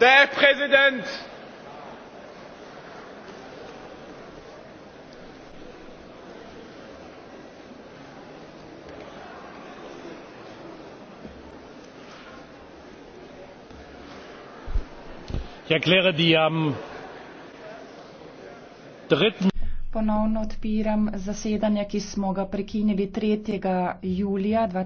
Der Herr Präsident! Ich erkläre die am dritten Ponovno odpiram zasedanje, ki smo ga prekinili 3. julija.